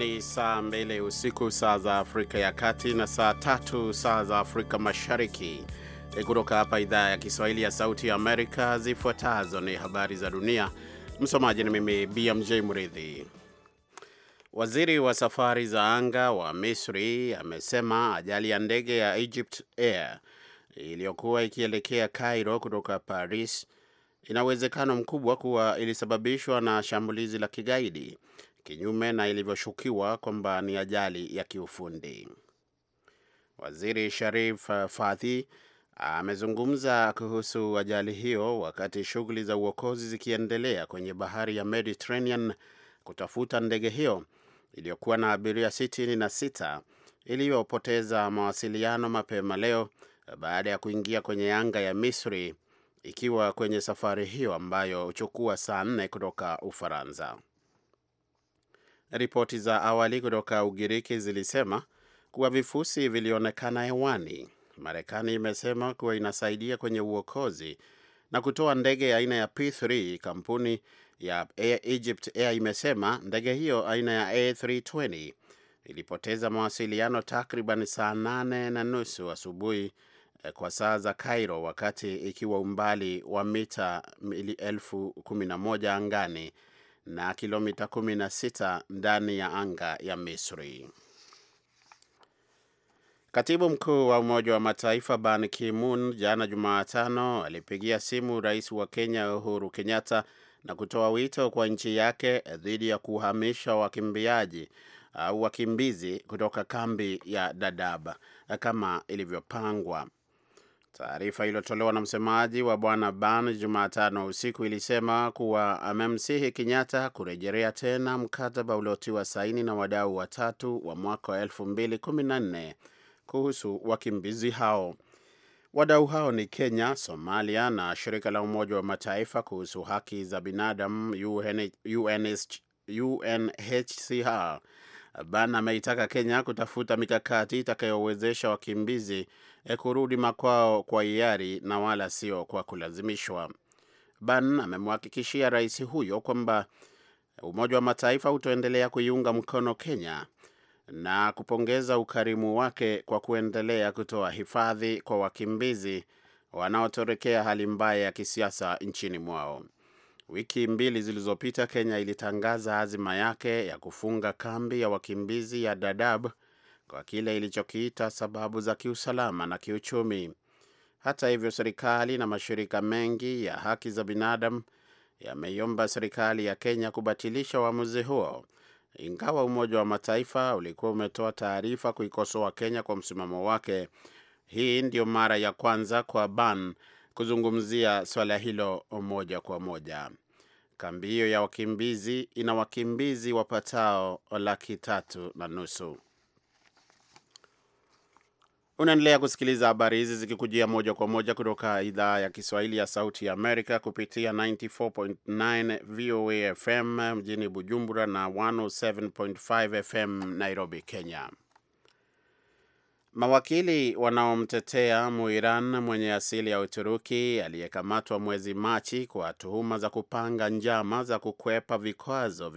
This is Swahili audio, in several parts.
ni saa mbili usiku saa za Afrika ya Kati na saa tatu saa za Afrika Mashariki. E, kutoka hapa idhaa ya Kiswahili ya Sauti ya Amerika, zifuatazo ni habari za dunia. Msomaji ni mimi BMJ Mridhi. Waziri wa safari za anga wa Misri amesema ajali ya ndege ya Egypt Air iliyokuwa ikielekea Cairo kutoka Paris ina uwezekano mkubwa kuwa ilisababishwa na shambulizi la kigaidi kinyume na ilivyoshukiwa kwamba ni ajali ya kiufundi. Waziri Sharif uh, Fathi amezungumza kuhusu ajali hiyo wakati shughuli za uokozi zikiendelea kwenye bahari ya Mediterranean kutafuta ndege hiyo iliyokuwa na abiria sitini na sita iliyopoteza mawasiliano mapema leo baada ya kuingia kwenye anga ya Misri ikiwa kwenye safari hiyo ambayo huchukua saa nne kutoka Ufaransa. Ripoti za awali kutoka Ugiriki zilisema kuwa vifusi vilionekana hewani. Marekani imesema kuwa inasaidia kwenye uokozi na kutoa ndege aina ya P3. Kampuni ya Air Egypt Air imesema ndege hiyo aina ya A320 ilipoteza mawasiliano takriban saa nane na nusu asubuhi eh, kwa saa za Cairo wakati ikiwa umbali wa mita elfu kumi na moja angani na kilomita 16 ndani ya anga ya Misri. Katibu mkuu wa Umoja wa Mataifa Ban Ki-moon jana Jumatano alipigia simu rais wa Kenya Uhuru Kenyatta na kutoa wito kwa nchi yake dhidi ya kuhamisha wakimbiaji au wakimbizi kutoka kambi ya Dadaab kama ilivyopangwa. Taarifa iliyotolewa na msemaji wa bwana Ban Jumatano usiku ilisema kuwa amemsihi Kenyatta kurejelea tena mkataba uliotiwa saini na wadau watatu wa mwaka wa 2014 kuhusu wakimbizi hao. Wadau hao ni Kenya, Somalia na shirika la Umoja wa Mataifa kuhusu haki za binadamu UNHCR. Ban ameitaka Kenya kutafuta mikakati itakayowezesha wakimbizi Eh, kurudi makwao kwa hiari na wala sio kwa kulazimishwa. Ban amemhakikishia rais huyo kwamba Umoja wa Mataifa utaendelea kuiunga mkono Kenya na kupongeza ukarimu wake kwa kuendelea kutoa hifadhi kwa wakimbizi wanaotorekea hali mbaya ya kisiasa nchini mwao. Wiki mbili zilizopita, Kenya ilitangaza azima yake ya kufunga kambi ya wakimbizi ya Dadaab kwa kile ilichokiita sababu za kiusalama na kiuchumi. Hata hivyo, serikali na mashirika mengi ya haki za binadamu yameiomba serikali ya Kenya kubatilisha uamuzi huo, ingawa Umoja wa Mataifa ulikuwa umetoa taarifa kuikosoa Kenya kwa msimamo wake. Hii ndiyo mara ya kwanza kwa Ban kuzungumzia swala hilo moja kwa moja. Kambi hiyo ya wakimbizi ina wakimbizi wapatao laki tatu na nusu. Unaendelea kusikiliza habari hizi zikikujia moja kwa moja kutoka idhaa ya Kiswahili ya Sauti ya Amerika kupitia 94.9 VOA FM mjini Bujumbura na 107.5 FM Nairobi, Kenya. Mawakili wanaomtetea Muiran mwenye asili ya Uturuki aliyekamatwa mwezi Machi kwa tuhuma za kupanga njama za kukwepa vikwazo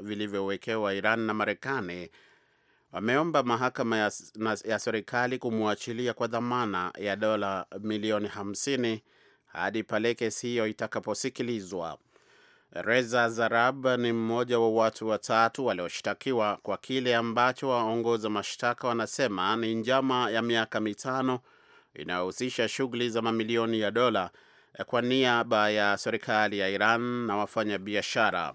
vilivyowekewa Iran na Marekani wameomba mahakama ya, ya serikali kumwachilia kwa dhamana ya dola milioni 50 hadi pale kesi hiyo itakaposikilizwa. Reza Zarab ni mmoja wa watu watatu walioshtakiwa kwa kile ambacho waongoza mashtaka wanasema ni njama ya miaka mitano inayohusisha shughuli za mamilioni ya dola kwa niaba ya serikali ya Iran na wafanyabiashara.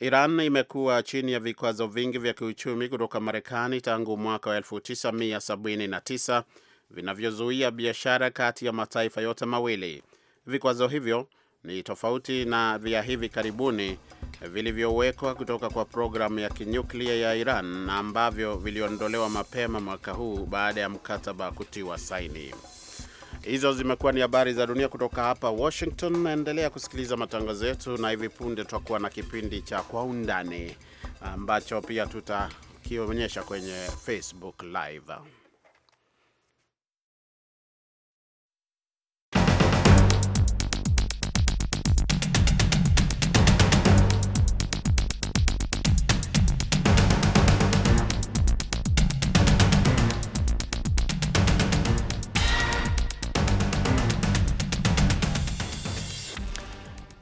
Iran imekuwa chini ya vikwazo vingi vya kiuchumi kutoka Marekani tangu mwaka wa 1979 vinavyozuia biashara kati ya mataifa yote mawili. Vikwazo hivyo ni tofauti na vya hivi karibuni vilivyowekwa kutoka kwa programu ya kinyuklia ya Iran na ambavyo viliondolewa mapema mwaka huu baada ya mkataba kutiwa saini. Hizo zimekuwa ni habari za dunia kutoka hapa Washington. Naendelea kusikiliza matangazo yetu, na hivi punde tutakuwa na kipindi cha Kwa Undani ambacho pia tutakionyesha kwenye Facebook Live.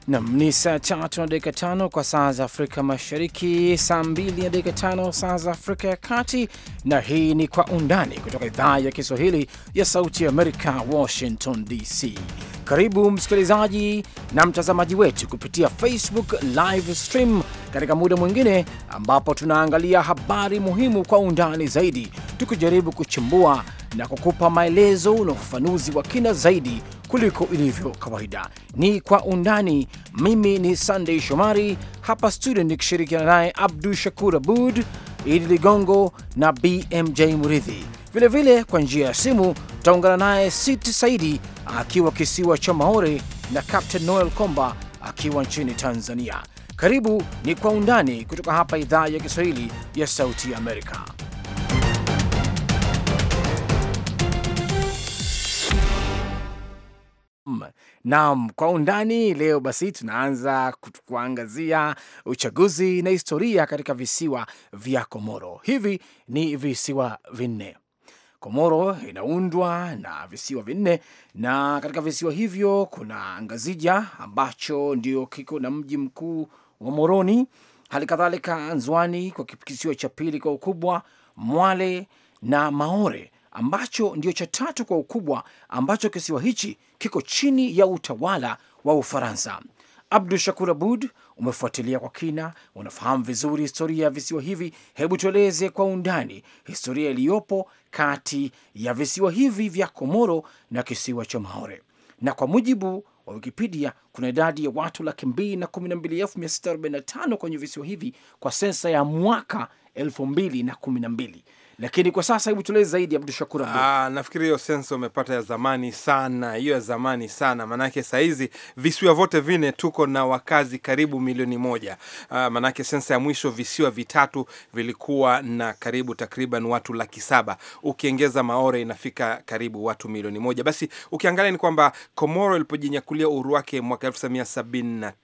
Nam ni saa tatu na dakika tano kwa saa za Afrika Mashariki, saa mbili na dakika tano saa za Afrika ya Kati, na hii ni Kwa Undani kutoka idhaa ya Kiswahili ya Sauti ya Amerika, Washington DC. Karibu msikilizaji na mtazamaji wetu kupitia Facebook live stream katika muda mwingine ambapo tunaangalia habari muhimu kwa undani zaidi, tukijaribu kuchimbua na kukupa maelezo na ufafanuzi wa kina zaidi kuliko ilivyo kawaida. Ni kwa undani. Mimi ni Sunday Shomari hapa studio nikishirikiana naye Abdu Shakur Abud, Idi Ligongo na BMJ Muridhi. Vilevile kwa njia ya simu tutaungana naye Siti Saidi akiwa kisiwa cha Maore na Captain Noel Komba akiwa nchini Tanzania. Karibu ni kwa undani kutoka hapa idhaa ya Kiswahili ya Sauti ya Amerika. Naam, kwa undani leo basi tunaanza kuangazia uchaguzi na historia katika visiwa vya Komoro. Hivi ni visiwa vinne. Komoro inaundwa na visiwa vinne, na katika visiwa hivyo kuna Ngazija ambacho ndio kiko na mji mkuu wa Moroni, hali kadhalika Nzwani kwa kisiwa cha pili kwa ukubwa, Mwale na Maore ambacho ndio cha tatu kwa ukubwa, ambacho kisiwa hichi kiko chini ya utawala wa Ufaransa. Abdu Shakur Abud, umefuatilia kwa kina, unafahamu vizuri historia ya visiwa hivi. Hebu tueleze kwa undani historia iliyopo kati ya visiwa hivi vya Komoro na kisiwa cha Maore. Na kwa mujibu wa Wikipedia, kuna idadi ya watu laki mbili na kumi na mbili elfu mia sita arobaini na tano kwenye visiwa hivi kwa sensa ya mwaka elfu mbili na kumi na mbili lakini kwa sasa, hebu tueleze zaidi, Abdu Shakur Ah, nafikiri hiyo sensa umepata ya zamani sana, hiyo ya zamani sana, maanake sahizi visiwa vyote vine tuko na wakazi karibu milioni moja. Ah, maanake sensa ya mwisho visiwa vitatu vilikuwa na karibu takriban watu laki saba, ukiongeza Maore inafika karibu watu milioni moja. Basi ukiangalia ni kwamba Komoro ilipojinyakulia uhuru wake mwaka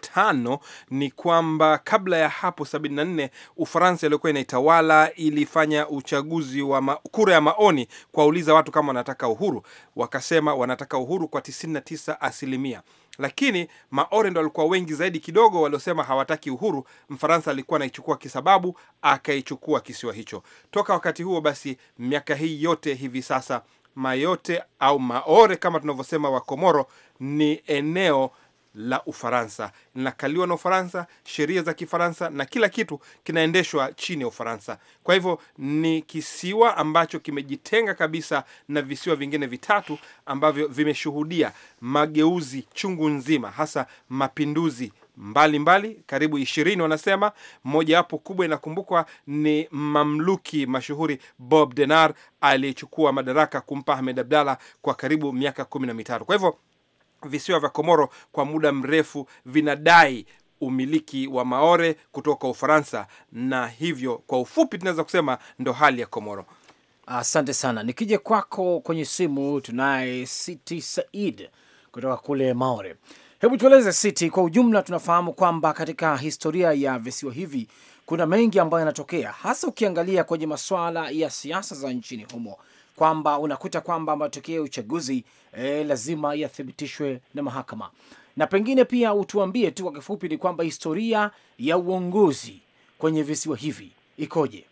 tano ni kwamba kabla ya hapo nne Ufaransa iliyokuwa inaitawala ilifanya uchaguzi uchaguzi wa ma, kura ya maoni kuwauliza watu kama wanataka uhuru, wakasema wanataka uhuru kwa 99 asilimia lakini Maore ndo walikuwa wengi zaidi kidogo waliosema hawataki uhuru. Mfaransa alikuwa anaichukua kisababu, akaichukua kisiwa hicho. Toka wakati huo basi, miaka hii yote hivi sasa, Mayote au Maore kama tunavyosema Wakomoro, ni eneo la Ufaransa, linakaliwa na Ufaransa, sheria za Kifaransa na kila kitu kinaendeshwa chini ya Ufaransa. Kwa hivyo ni kisiwa ambacho kimejitenga kabisa na visiwa vingine vitatu ambavyo vimeshuhudia mageuzi chungu nzima, hasa mapinduzi mbalimbali mbali, karibu ishirini wanasema. Mojawapo kubwa inakumbukwa ni mamluki mashuhuri Bob Denard aliyechukua madaraka kumpa Ahmed Abdalla kwa karibu miaka kumi na mitatu. Kwa hivyo visiwa vya Komoro kwa muda mrefu vinadai umiliki wa Maore kutoka Ufaransa, na hivyo kwa ufupi tunaweza kusema ndo hali ya Komoro. Asante sana. Nikija kwako kwenye simu, tunaye Siti Said kutoka kule Maore. Hebu tueleze Siti, kwa ujumla tunafahamu kwamba katika historia ya visiwa hivi kuna mengi ambayo yanatokea, hasa ukiangalia kwenye masuala ya siasa za nchini humo kwamba unakuta kwamba matokeo ya uchaguzi e, lazima yathibitishwe na mahakama. Na pengine pia utuambie tu kwa kifupi ni kwamba historia ya uongozi kwenye visiwa hivi ikoje?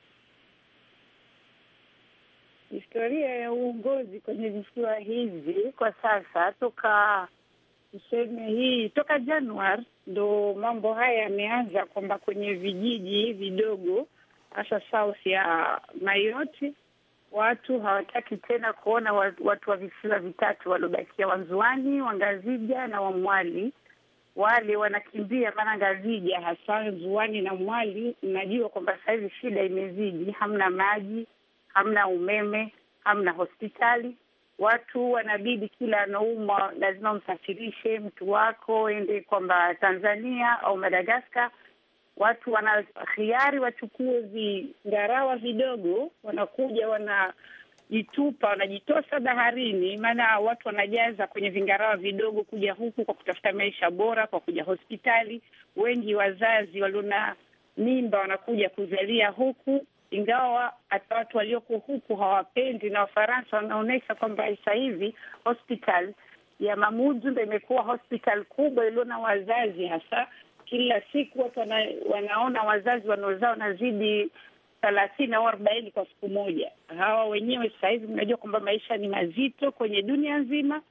Historia ya uongozi kwenye visiwa hivi kwa sasa, toka tuseme hii, toka Januari ndo mambo haya yameanza, kwamba kwenye vijiji vidogo hasa south ya Mayoti watu hawataki tena kuona watu wa visiwa vitatu waliobakia Wanzuani, Wangazija na Wamwali. Wale wanakimbia maana Ngazija hasa nzuani na Mwali, mnajua kwamba sahizi shida imezidi, hamna maji, hamna umeme, hamna hospitali. Watu wanabidi kila anaumwa lazima msafirishe mtu wako ende kwamba Tanzania au Madagaskar watu wana hiari wachukue vingarawa vidogo, wanakuja wanajitupa, wanajitosa baharini. Maana watu wanajaza kwenye vingarawa vidogo kuja huku kwa kutafuta maisha bora, kwa kuja hospitali. Wengi wazazi walio na mimba wanakuja kuzalia huku, ingawa hata watu walioko huku hawapendi, na Wafaransa wanaonyesha kwamba sasa hivi hospitali ya Mamudu ndo imekuwa hospitali kubwa iliyo na wazazi hasa kila siku watu wana, wanaona wazazi wanaozaa wanazidi thelathini au arobaini kwa siku moja. Hawa wenyewe sasahizi mnajua kwamba maisha ni mazito kwenye dunia nzima.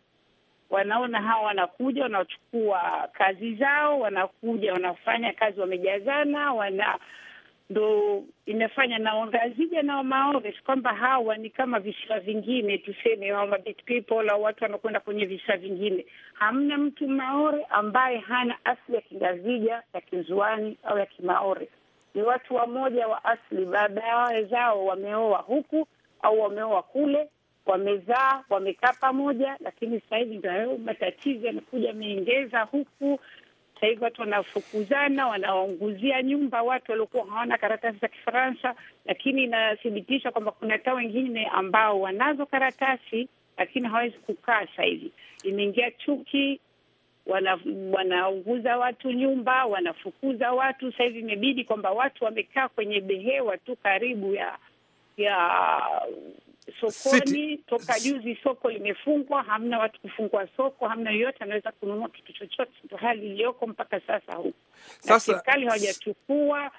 Wanaona hawa wanakuja wanachukua kazi zao, wanakuja wanafanya kazi, wamejazana wana ndo inafanya na wangazija na Wamaores kwamba hawa ni kama visiwa vingine, tuseme Mabet people au watu wanakwenda kwenye visiwa vingine. Hamna mtu Maore ambaye hana asli ya Kingazija, ya Kinzuani au ya Kimaore. Ni watu wamoja wa asli baba yao zao wameoa huku au wameoa kule, wamezaa, wamekaa pamoja, lakini sasa hivi ndo hayo matatizo yanakuja, ameengeza huku sasa hivi watu wanafukuzana, wanaunguzia nyumba watu waliokuwa hawana karatasi za Kifaransa, lakini inathibitisha kwamba kuna hata wengine ambao wanazo karatasi lakini hawawezi kukaa. Sasa hivi imeingia chuki, wanaunguza watu nyumba, wanafukuza watu. Sasa hivi imebidi kwamba watu wamekaa kwenye behewa tu karibu ya ya sokoni toka juzi, soko limefungwa, hamna watu kufungua soko, hamna yoyote anaweza kununua kitu chochote, ndo hali iliyoko mpaka sasa huku, na serikali hawajachukua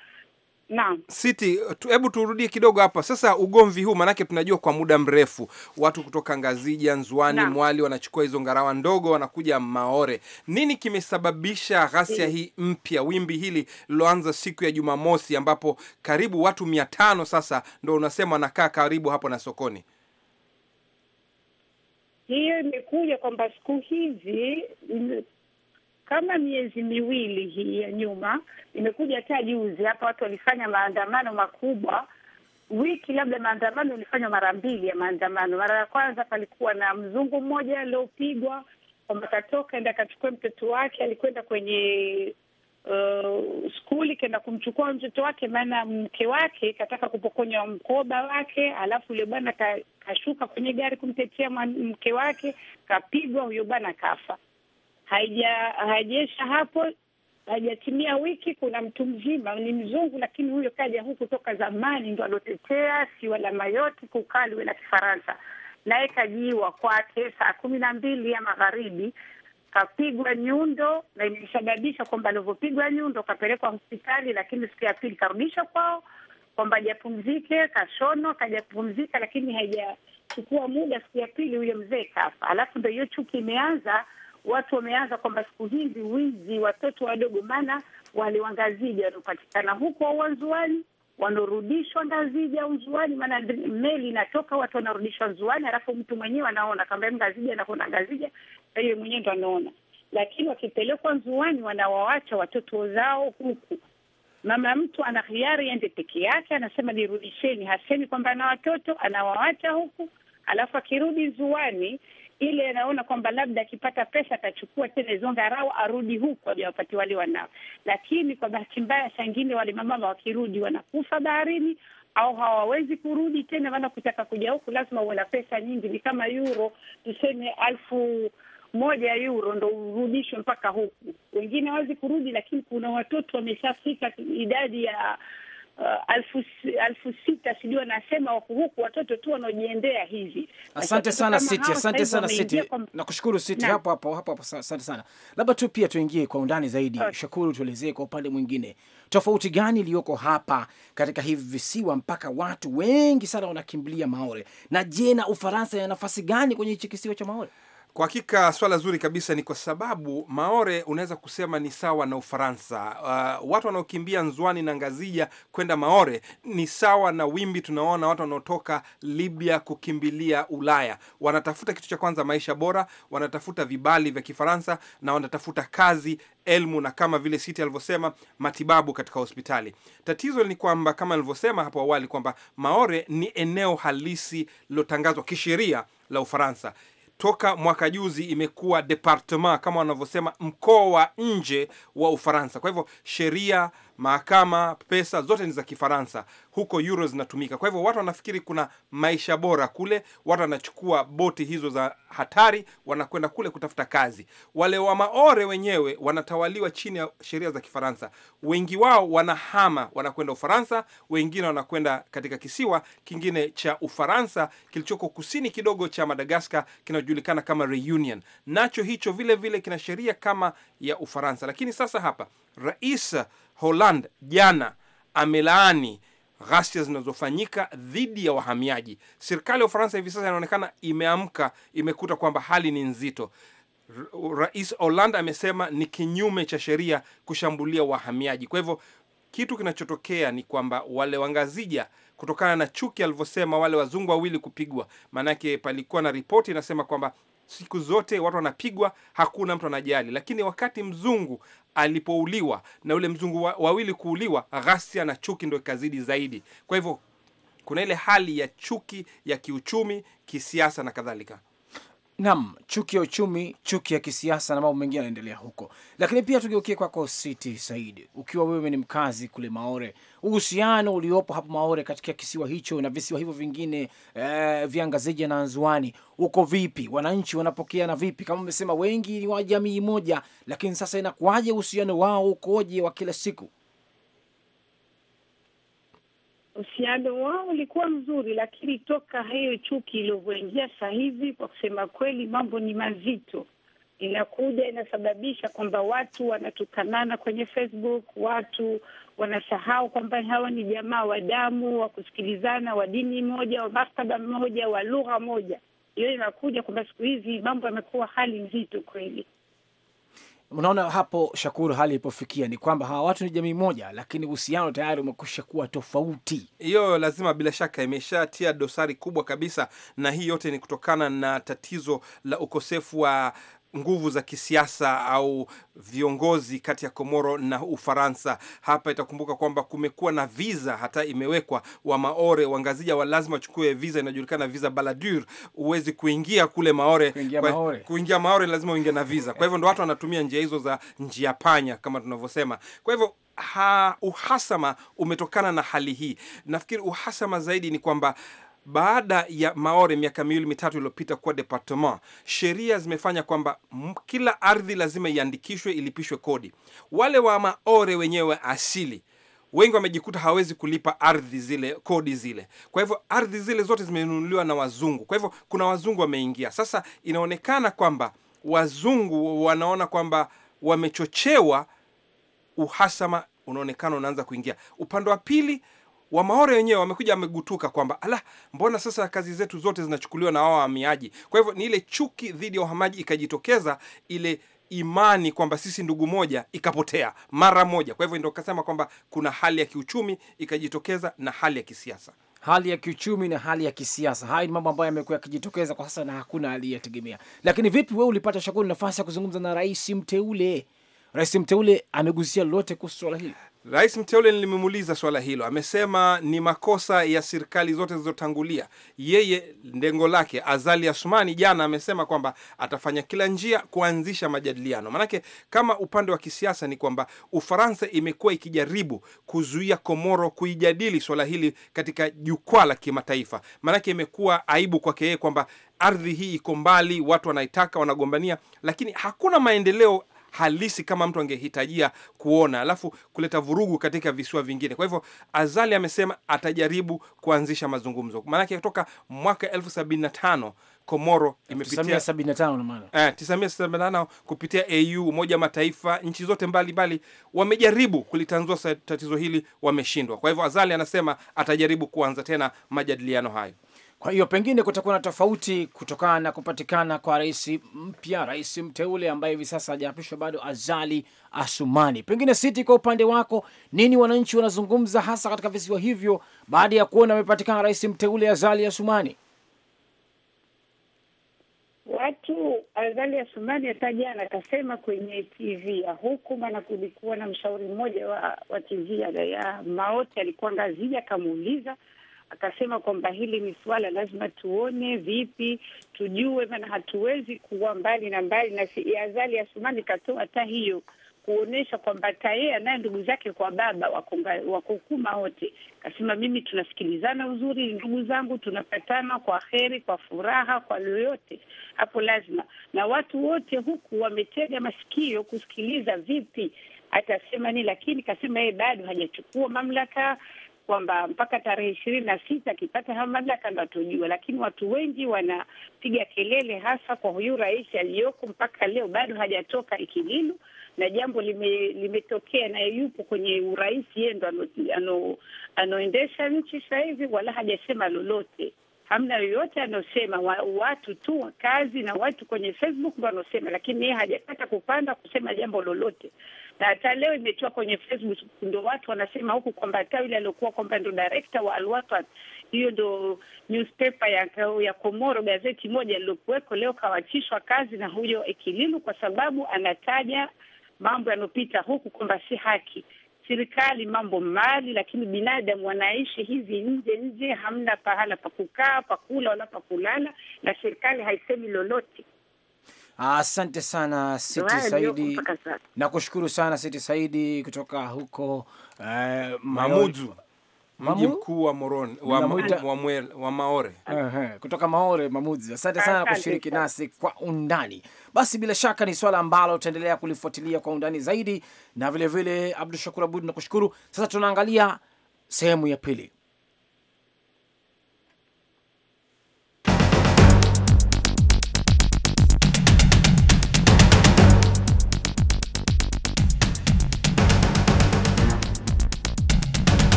Naam. Siti, hebu turudie kidogo hapa sasa, ugomvi huu maanake tunajua kwa muda mrefu watu kutoka Ngazija, Nzwani, Mwali wanachukua hizo ngarawa ndogo wanakuja Maore. Nini kimesababisha ghasia mm. hii mpya, wimbi hili liloanza siku ya Jumamosi ambapo karibu watu mia tano sasa ndo unasema wanakaa karibu hapo na sokoni? Hiyo imekuja kwamba siku hizi kama miezi miwili hii ya nyuma, imekuja hata juzi hapa, watu walifanya maandamano makubwa wiki labda maandamano ilifanywa mara mbili ya maandamano. Mara ya kwanza palikuwa na mzungu mmoja aliopigwa kwamba katoka enda akachukua mtoto wake, alikwenda kwenye uh, skuli kenda kumchukua mtoto wake, maana mke wake kataka kupokonywa mkoba wake, alafu yule bwana kashuka kwenye gari kumtetea mke wake, kapigwa huyo bwana kafa haija hapo, haijatimia wiki, kuna mtu mzima ni mzungu, lakini huyo kaja huku toka zamani, ndo aliotetea siwa la mayoti liwe la Kifaransa, naye kajiwa kwake saa kumi na mbili ya magharibi kapigwa nyundo na imesababisha kwamba alivyopigwa nyundo kapelekwa hospitali, lakini siku ya pili karudishwa kwao kwamba ajapumzike, kashono kaja kupumzika, lakini haijachukua muda, siku ya pili huyo mzee kafa. Alafu ndo hiyo chuki imeanza watu wameanza kwamba siku hizi wizi watoto wadogo, maana wale wangazija wanaopatikana huko nzuani wanaorudishwa ngazija au maana meli inatoka, watu wanarudishwa zuani, alafu mtu mwenyewe anaona kamba ngazija anaona ngazija, kwa hiyo mwenyewe ndo anaona. Lakini wakipelekwa zuani, wanawaacha watoto zao huku. Mama mtu ana hiari ende peke yake, anasema nirudisheni, hasemi kwamba ana watoto, anawaacha huku, alafu akirudi zuani ile anaona kwamba labda akipata pesa atachukua tena hizo ngarau arudi huko ajawapati wale wanao. Lakini kwa bahati mbaya, sangine wale mamama wakirudi wanakufa baharini au hawawezi kurudi tena, maana kutaka kuja huku lazima uwe na pesa nyingi. Ni kama euro tuseme elfu moja euro ndo urudishwe mpaka huku. Wengine hawezi kurudi, lakini kuna watoto wameshafika idadi ya uh, alfu, alfu sita sijui wanasema wako huku watoto tu wanaojiendea hivi. Asante sana Siti, asante sana Siti, nakushukuru Siti. Hapo hapo hapo hapo, asante sana. Labda tu pia tuingie kwa undani zaidi, okay. Shukuru, tuelezee kwa upande mwingine tofauti gani iliyoko hapa katika hivi visiwa mpaka watu wengi sana wanakimbilia Maore, na je, na Ufaransa ina nafasi gani kwenye hichi kisiwa cha Maore? Kwa hakika swala zuri kabisa, ni kwa sababu Maore unaweza kusema ni sawa na Ufaransa. Uh, watu wanaokimbia Nzwani na Ngazija kwenda Maore ni sawa na wimbi tunaona watu wanaotoka Libya kukimbilia Ulaya. Wanatafuta kitu cha kwanza, maisha bora, wanatafuta vibali vya Kifaransa na wanatafuta kazi, elmu na kama vile Siti alivyosema, matibabu katika hospitali. Tatizo ni kwamba kama alivyosema hapo awali kwamba Maore ni eneo halisi lilotangazwa kisheria la Ufaransa toka mwaka juzi imekuwa departement kama wanavyosema, mkoa wa nje wa Ufaransa. Kwa hivyo sheria mahakama, pesa zote ni za Kifaransa. Huko euro zinatumika. Kwa hivyo watu wanafikiri kuna maisha bora kule, watu wanachukua boti hizo za hatari, wanakwenda kule kutafuta kazi. Wale wa Maore wenyewe wanatawaliwa chini ya sheria za Kifaransa. Wengi wao wanahama, wanakwenda Ufaransa, wengine wanakwenda katika kisiwa kingine cha Ufaransa kilichoko kusini kidogo cha Madagaskar, kinachojulikana kama Reunion. Nacho hicho vile vile kina sheria kama ya Ufaransa, lakini sasa hapa rais Holland jana amelaani ghasia zinazofanyika dhidi ya wahamiaji. Serikali ya Ufaransa hivi sasa inaonekana imeamka, imekuta kwamba hali ni nzito. Rais holand amesema ni kinyume cha sheria kushambulia wahamiaji. Kwa hivyo kitu kinachotokea ni kwamba wale wangazija, kutokana na chuki alivyosema wale wazungu wawili kupigwa, maanake palikuwa na ripoti inasema kwamba siku zote watu wanapigwa, hakuna mtu anajali, lakini wakati mzungu alipouliwa na ule mzungu wa, wawili kuuliwa, ghasia na chuki ndo ikazidi zaidi. Kwa hivyo kuna ile hali ya chuki ya kiuchumi, kisiasa na kadhalika. Naam, chuki ya uchumi, chuki ya kisiasa na mambo mengine yanaendelea huko, lakini pia tugeukie kwako City Said, ukiwa wewe ni mkazi kule Maore, uhusiano uliopo hapo Maore katika kisiwa hicho na visiwa hivyo vingine eh, vya Ngazija na Anzuani uko vipi? Wananchi wanapokeana vipi? Kama umesema wengi ni wa jamii moja, lakini sasa inakuwaje? Uhusiano wao ukoje wa kila siku? uhusiano wao ulikuwa mzuri, lakini toka hiyo chuki ilivyoingia saa hizi, kwa kusema kweli, mambo ni mazito. Inakuja inasababisha kwamba watu wanatukanana kwenye Facebook, watu wanasahau kwamba hawa ni jamaa wa damu, wa kusikilizana, wa dini moja, wa maktaba moja, wa lugha moja. Hiyo inakuja kwamba siku hizi mambo yamekuwa hali nzito kweli. Unaona hapo Shakuru, hali ilipofikia ni kwamba hawa watu ni jamii moja, lakini uhusiano tayari umekwisha kuwa tofauti. Hiyo lazima bila shaka imeshatia dosari kubwa kabisa, na hii yote ni kutokana na tatizo la ukosefu wa nguvu za kisiasa au viongozi kati ya Komoro na Ufaransa. Hapa itakumbuka kwamba kumekuwa na viza hata imewekwa, wa Maore wangazija wa lazima wachukue viza, inajulikana viza baladur. Huwezi kuingia kule Maore, kuingia Maore, kuingia Maore lazima uingie na viza. Kwa hivyo ndo watu wanatumia njia hizo za njia panya kama tunavyosema. Kwa hivyo ha, uhasama umetokana na hali hii. Nafikiri uhasama zaidi ni kwamba baada ya Maore miaka miwili mitatu iliyopita kuwa departement, sheria zimefanya kwamba kila ardhi lazima iandikishwe, ilipishwe kodi. Wale wa Maore wenyewe asili wengi wamejikuta hawawezi kulipa ardhi zile, kodi zile. Kwa hivyo ardhi zile zote zimenunuliwa na wazungu, kwa hivyo kuna wazungu wameingia. Sasa inaonekana kwamba wazungu wanaona kwamba wamechochewa, uhasama unaonekana unaanza kuingia upande wa pili. Wamaore wenyewe wamekuja wamegutuka kwamba ala, mbona sasa kazi zetu zote zinachukuliwa na wao wahamiaji. Kwa hivyo ni ile chuki dhidi ya uhamaji ikajitokeza, ile imani kwamba sisi ndugu moja ikapotea mara moja. Kwa hivyo ndio kasema kwamba kuna hali ya kiuchumi ikajitokeza na hali ya kisiasa hali ya kiuchumi na hali ya kisiasa. Haya ni mambo ambayo yamekuwa yakijitokeza kwa sasa na hakuna aliyetegemea. Lakini vipi, wewe ulipata shakuni nafasi ya kuzungumza na rais mteule? Rais mteule amegusia lolote kuhusu swala hili? Rais mteule limemuuliza swala hilo, amesema ni makosa ya serikali zote zilizotangulia. Yeye ndengo lake Azali Asumani jana amesema kwamba atafanya kila njia kuanzisha majadiliano, maanake kama upande wa kisiasa ni kwamba Ufaransa imekuwa ikijaribu kuzuia Komoro kuijadili swala hili katika jukwaa la kimataifa, maanake imekuwa aibu kwake yeye kwamba ardhi hii iko mbali, watu wanaitaka, wanagombania, lakini hakuna maendeleo halisi kama mtu angehitajia kuona, alafu kuleta vurugu katika visiwa vingine. Kwa hivyo Azali amesema atajaribu kuanzisha mazungumzo, maanake kutoka mwaka elfu sabini na tano Komoro imepitia 1975 eh, kupitia AU, Umoja wa Mataifa, nchi zote mbalimbali wamejaribu kulitanzua tatizo hili, wameshindwa. Kwa hivyo Azali anasema atajaribu kuanza tena majadiliano hayo. Kwa hiyo pengine kutakuwa na tofauti kutokana na kupatikana kwa rais mpya, rais mteule ambaye hivi sasa hajaapishwa bado, Azali Asumani. Pengine Siti, kwa upande wako, nini wananchi wanazungumza hasa katika visiwa hivyo baada ya kuona amepatikana rais mteule Azali Asumani? Watu Azali Asumani hata jana akasema kwenye TV ya huku, maana kulikuwa na mshauri mmoja wa, wa TV ya Maoti alikuwa ngazia, akamuuliza akasema kwamba hili ni suala lazima tuone vipi, tujue, maana hatuwezi kuwa mbali na mbali na si, Azali Asumani katoa hata hiyo kuonyesha kwamba tayeye anaye ndugu zake kwa baba wakokuma wote. Kasema mimi tunasikilizana uzuri, ndugu zangu, tunapatana kwa heri, kwa furaha, kwa lolote hapo lazima. Na watu wote huku wametega masikio kusikiliza vipi atasema nini, lakini kasema yeye bado hajachukua mamlaka, kwamba mpaka tarehe ishirini na sita akipata hayo mamlaka ndo atujua, lakini watu wengi wanapiga kelele, hasa kwa huyu rais aliyoko mpaka leo bado hajatoka ikililu na jambo lime, limetokea na yupo kwenye urais, yeye ndo ano nchi sasa hivi, wala hajasema lolote hamna yoyote anaosema wa, watu tu wakazi na watu kwenye Facebook ndo wanaosema, lakini yeye hajapata kupanda kusema jambo lolote. Na hata leo imetoa kwenye Facebook ndo watu wanasema huku kwamba hata yule aliokuwa kwamba ndo director wa al hiyo ndo newspaper ya, ya Komoro, gazeti moja lilokuweko leo, kawachishwa kazi na huyo Ekililu kwa sababu anataja mambo yanayopita huku kwamba si haki serikali mambo mbali, lakini binadamu wanaishi hivi nje nje, hamna pahala pa kukaa, pa kula wala pa kulala, na serikali haisemi lolote. Asante sana Siti Saidi, nakushukuru sana Siti Saidi kutoka huko eh, Mamudu, mji mkuu wa Moron wa, wa, wa, wa Maore uh -huh. kutoka Maore Mamudzi. Asante sana kushiriki nasi kwa undani basi bila shaka ni swala ambalo tutaendelea kulifuatilia kwa undani zaidi, na vilevile Abdu Shakur Abud, nakushukuru. Sasa tunaangalia sehemu ya pili.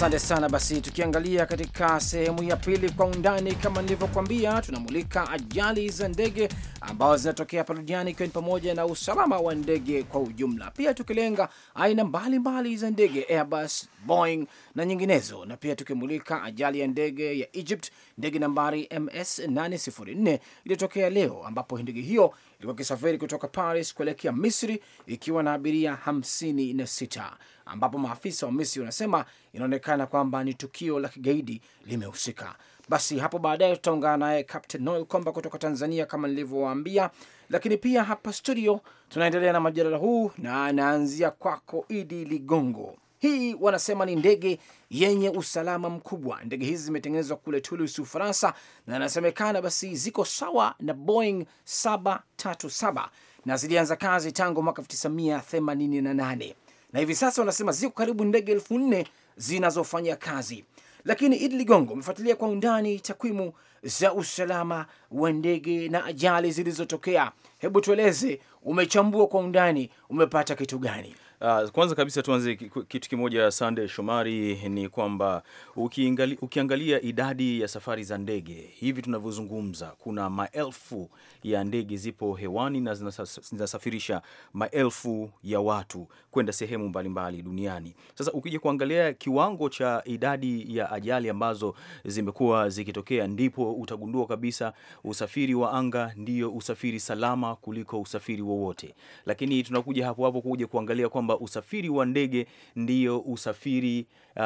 Asante sana. Basi tukiangalia katika sehemu ya pili kwa undani, kama nilivyokuambia, tunamulika ajali za ndege ambazo zinatokea hapa duniani, ikiwa ni pamoja na usalama wa ndege kwa ujumla, pia tukilenga aina mbalimbali za ndege Airbus, Boeing na nyinginezo, na pia tukimulika ajali ya ndege ya Egypt, ndege nambari MS 804 iliyotokea leo, ambapo ndege hiyo ilikuwa ikisafiri kutoka Paris kuelekea Misri ikiwa na abiria 56 ambapo maafisa wa Misri wanasema inaonekana kwamba ni tukio la kigaidi limehusika. Basi hapo baadaye tutaungana naye Captain Noel Komba kutoka Tanzania kama nilivyowaambia, lakini pia hapa studio tunaendelea na mjadala huu na anaanzia kwako Idi Ligongo. Hii wanasema ni ndege yenye usalama mkubwa. Ndege hizi zimetengenezwa kule Toulouse, Ufaransa, na inasemekana basi ziko sawa na Boeing 737 na zilianza kazi tangu mwaka 1988 na hivi sasa wanasema ziko karibu ndege elfu nne zinazofanya kazi. Lakini Idi Ligongo amefuatilia kwa undani takwimu za usalama wa ndege na ajali zilizotokea. Hebu tueleze, umechambua kwa undani, umepata kitu gani? Uh, kwanza kabisa tuanze kitu kimoja, Sande Shomari, ni kwamba ukiangalia, ukiangalia idadi ya safari za ndege hivi tunavyozungumza, kuna maelfu ya ndege zipo hewani na zinasafirisha maelfu ya watu kwenda sehemu mbalimbali mbali duniani. Sasa ukija kuangalia kiwango cha idadi ya ajali ambazo zimekuwa zikitokea, ndipo utagundua kabisa usafiri wa anga ndiyo usafiri salama kuliko usafiri wowote, lakini tunakuja hapo hapo kuja kuangalia kwamba kwamba usafiri wa ndege ndio usafiri uh,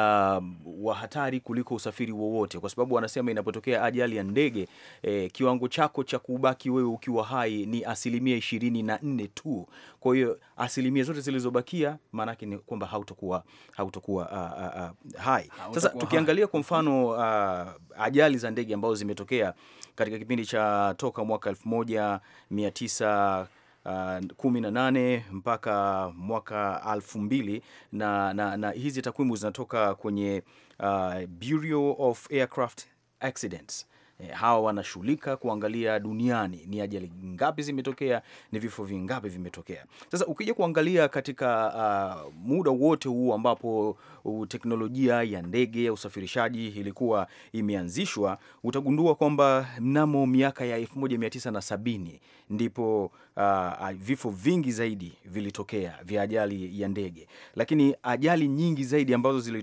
wa hatari kuliko usafiri wowote, kwa sababu wanasema inapotokea ajali ya ndege eh, kiwango chako cha kubaki wewe ukiwa hai ni asilimia ishirini na nne tu. Kwa hiyo asilimia zote zilizobakia maanake ni kwamba hautakuwa uh, uh, uh, hai. Sasa tukiangalia kwa mfano uh, ajali za ndege ambazo zimetokea katika kipindi cha toka mwaka elfu moja mia tisa Uh, kumi na nane mpaka mwaka alfu mbili na, na, na hizi takwimu zinatoka kwenye uh, Bureau of Aircraft Accidents e, hawa wanashughulika kuangalia duniani ni ajali ngapi zimetokea, ni vifo vingapi vimetokea. Sasa ukija kuangalia katika uh, muda wote huu ambapo uh, teknolojia ya ndege ya usafirishaji ilikuwa imeanzishwa, utagundua kwamba mnamo miaka ya 1970 ndipo uh, vifo vingi zaidi vilitokea vya ajali ya ndege, lakini ajali nyingi zaidi ambazo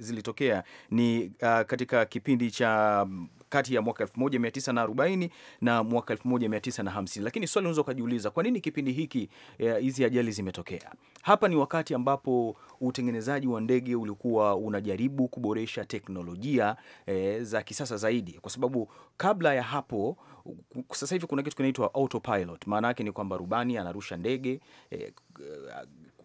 zilitokea ni uh, katika kipindi cha kati ya mwaka 1940 na mwaka 1950. Lakini swali unaweza ukajiuliza, kwa nini kipindi hiki eh, hizi ajali zimetokea? Hapa ni wakati ambapo utengenezaji wa ndege ulikuwa unajaribu kuboresha teknolojia e, za kisasa zaidi, kwa sababu kabla ya hapo sasa hivi kuna kitu kinaitwa autopilot. Maana yake ni kwamba rubani anarusha ndege e,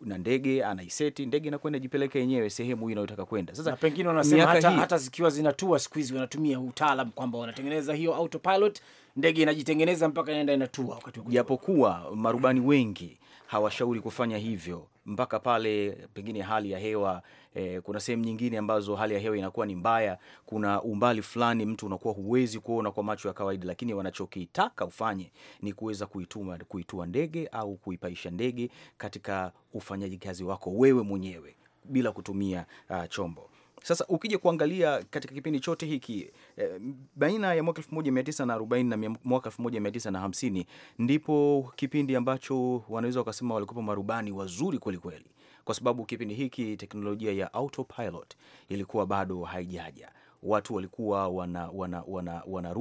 na ndege anaiseti ndege inakwenda jipeleka yenyewe sehemu inayotaka kwenda. Sasa pengine wanasema hata, hata zikiwa zinatua siku hizi wanatumia utaalam kwamba wanatengeneza hiyo autopilot, ndege inajitengeneza mpaka inaenda inatua wakati, japokuwa marubani wengi hawashauri kufanya hivyo mpaka pale pengine hali ya hewa e, kuna sehemu nyingine ambazo hali ya hewa inakuwa ni mbaya, kuna umbali fulani mtu unakuwa huwezi kuona kwa macho ya kawaida, lakini wanachokitaka ufanye ni kuweza kuituma kuitua ndege au kuipaisha ndege katika ufanyaji kazi wako wewe mwenyewe bila kutumia uh, chombo. Sasa ukija kuangalia katika kipindi chote hiki eh, baina ya mwaka 1940 na mwaka 1950 ndipo kipindi ambacho wanaweza wakasema walikuwa marubani wazuri kwelikweli, kwa sababu kipindi hiki teknolojia ya autopilot ilikuwa bado haijaja watu walikuwa wanaruka wana, wana, wana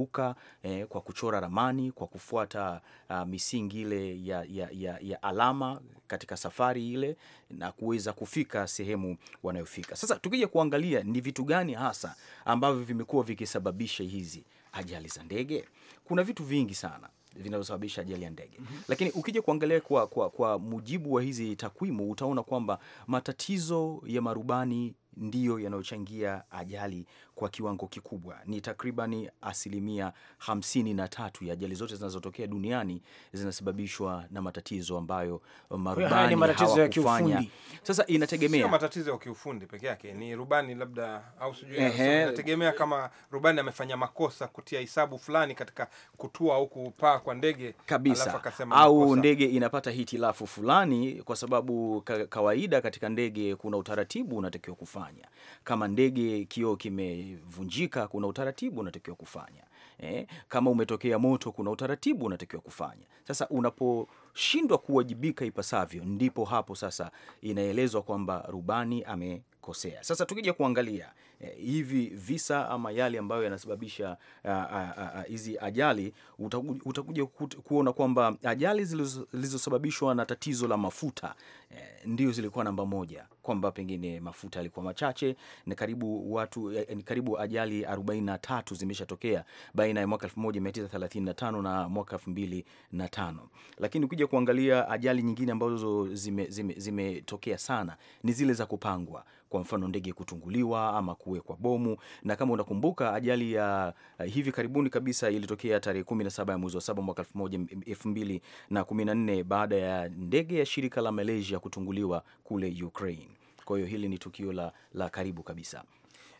eh, kwa kuchora ramani kwa kufuata uh, misingi ile ya, ya, ya, ya alama katika safari ile na kuweza kufika sehemu wanayofika. Sasa tukija kuangalia ni vitu gani hasa ambavyo vimekuwa vikisababisha hizi ajali za ndege, kuna vitu vingi sana vinavyosababisha ajali ya ndege mm -hmm. Lakini ukija kuangalia kwa, kwa, kwa mujibu wa hizi takwimu utaona kwamba matatizo ya marubani ndiyo yanayochangia ajali kwa kiwango kikubwa. Ni takribani asilimia hamsini na tatu ya ajali zote zinazotokea duniani zinasababishwa na matatizo ambayo marubani hawakufanya. Sasa inategemea, sio matatizo ya kiufundi peke yake, ni rubani labda, au sijui, inategemea kama rubani amefanya makosa kutia hisabu fulani katika kutua au kupaa kwa ndege kabisa, au ndege inapata hitilafu fulani, kwa sababu kawaida katika ndege kuna utaratibu unatakiwa kufanya. Kama ndege kioo kime ikivunjika kuna utaratibu unatakiwa kufanya eh. Kama umetokea moto kuna utaratibu unatakiwa kufanya. Sasa unaposhindwa kuwajibika ipasavyo, ndipo hapo sasa inaelezwa kwamba rubani amekosea. Sasa tukija kuangalia eh, hivi visa ama yale ambayo yanasababisha eh, eh, eh, hizi ajali, utakuja, utakuja kuona kwamba ajali zilizosababishwa na tatizo la mafuta eh, ndio zilikuwa namba moja, kwamba pengine mafuta yalikuwa machache na karibu watu eh, karibu ajali 43 zimeshatokea baina ya mwaka 1935 na mwaka 2005, lakini ukija kuangalia ajali nyingine ambazo zimetokea zime, zime sana ni zile za kupangwa kwa mfano ndege kutunguliwa ama kuwekwa bomu. Na kama unakumbuka ajali ya uh, hivi karibuni kabisa ilitokea tarehe 17 ya mwezi wa 7 mwaka 2014 baada ya ndege ya shirika la Malaysia kutunguliwa kule Ukraine. Kwa hiyo hili ni tukio la, la karibu kabisa.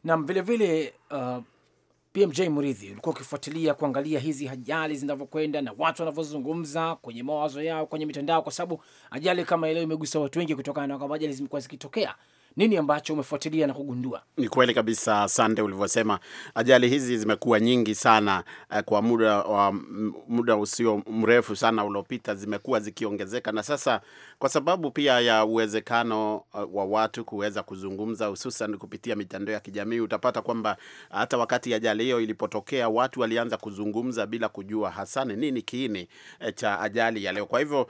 Naam, vilevile uh, PMJ Muridhi, ulikuwa ukifuatilia kuangalia hizi ajali zinavyokwenda na watu wanavyozungumza kwenye mawazo yao kwenye mitandao, kwa sababu ajali kama leo imegusa watu wengi kutokana na kwamba ajali zimekuwa zikitokea nini ambacho umefuatilia na kugundua? Ni kweli kabisa, asante. Ulivyosema, ajali hizi zimekuwa nyingi sana eh, kwa muda wa muda usio mrefu sana uliopita, zimekuwa zikiongezeka, na sasa kwa sababu pia ya uwezekano eh, wa watu kuweza kuzungumza, hususan kupitia mitandao ya kijamii, utapata kwamba hata wakati ajali hiyo ilipotokea, watu walianza kuzungumza bila kujua hasa ni nini kiini eh, cha ajali ya leo. Kwa hivyo,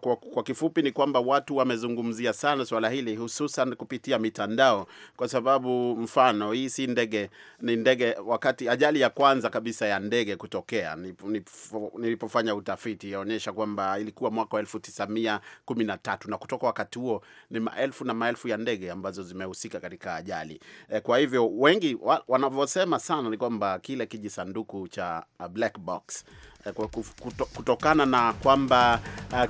kwa, kwa kifupi ni kwamba watu wamezungumzia sana swala hili hususan kupitia mitandao, kwa sababu mfano hii si ndege, ni ndege. Wakati ajali ya kwanza kabisa ya ndege kutokea, nilipofanya utafiti, yaonyesha kwamba ilikuwa mwaka wa elfu tisa mia kumi na tatu na kutoka wakati huo ni maelfu na maelfu ya ndege ambazo zimehusika katika ajali. Eh, kwa hivyo wengi wanavyosema sana ni kwamba kile kijisanduku cha uh, black box Eh, kwa kuto, kutokana na kwamba ah,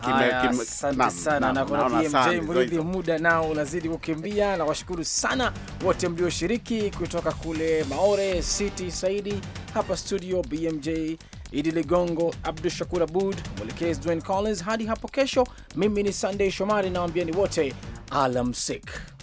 asante sana na BMJ Mridhi, muda nao unazidi kukimbia, na washukuru sana wote mlioshiriki kutoka kule Maore City, Saidi hapa studio BMJ Idi Ligongo, Abdu Shakur Abud, mwelekezi Dwayne Collins. Hadi hapo kesho, mimi ni Sunday Shomari, ni wote alamsik.